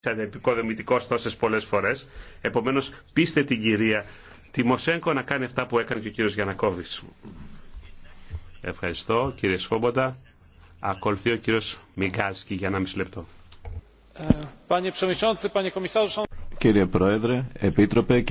σαν επικοδομητικό τόσε πολλέ φορέ. Επομένω, πείστε την κυρία Τιμοσέγκο να κάνει αυτά που έκανε και ο κύριο Γιανακόβη. Ευχαριστώ, κύριε Σφόμποντα. Ακολουθεί ο κύριο Μιγκάσκι για ένα μισή λεπτό. Ε, κύριε Πρόεδρε, Επίτροπε,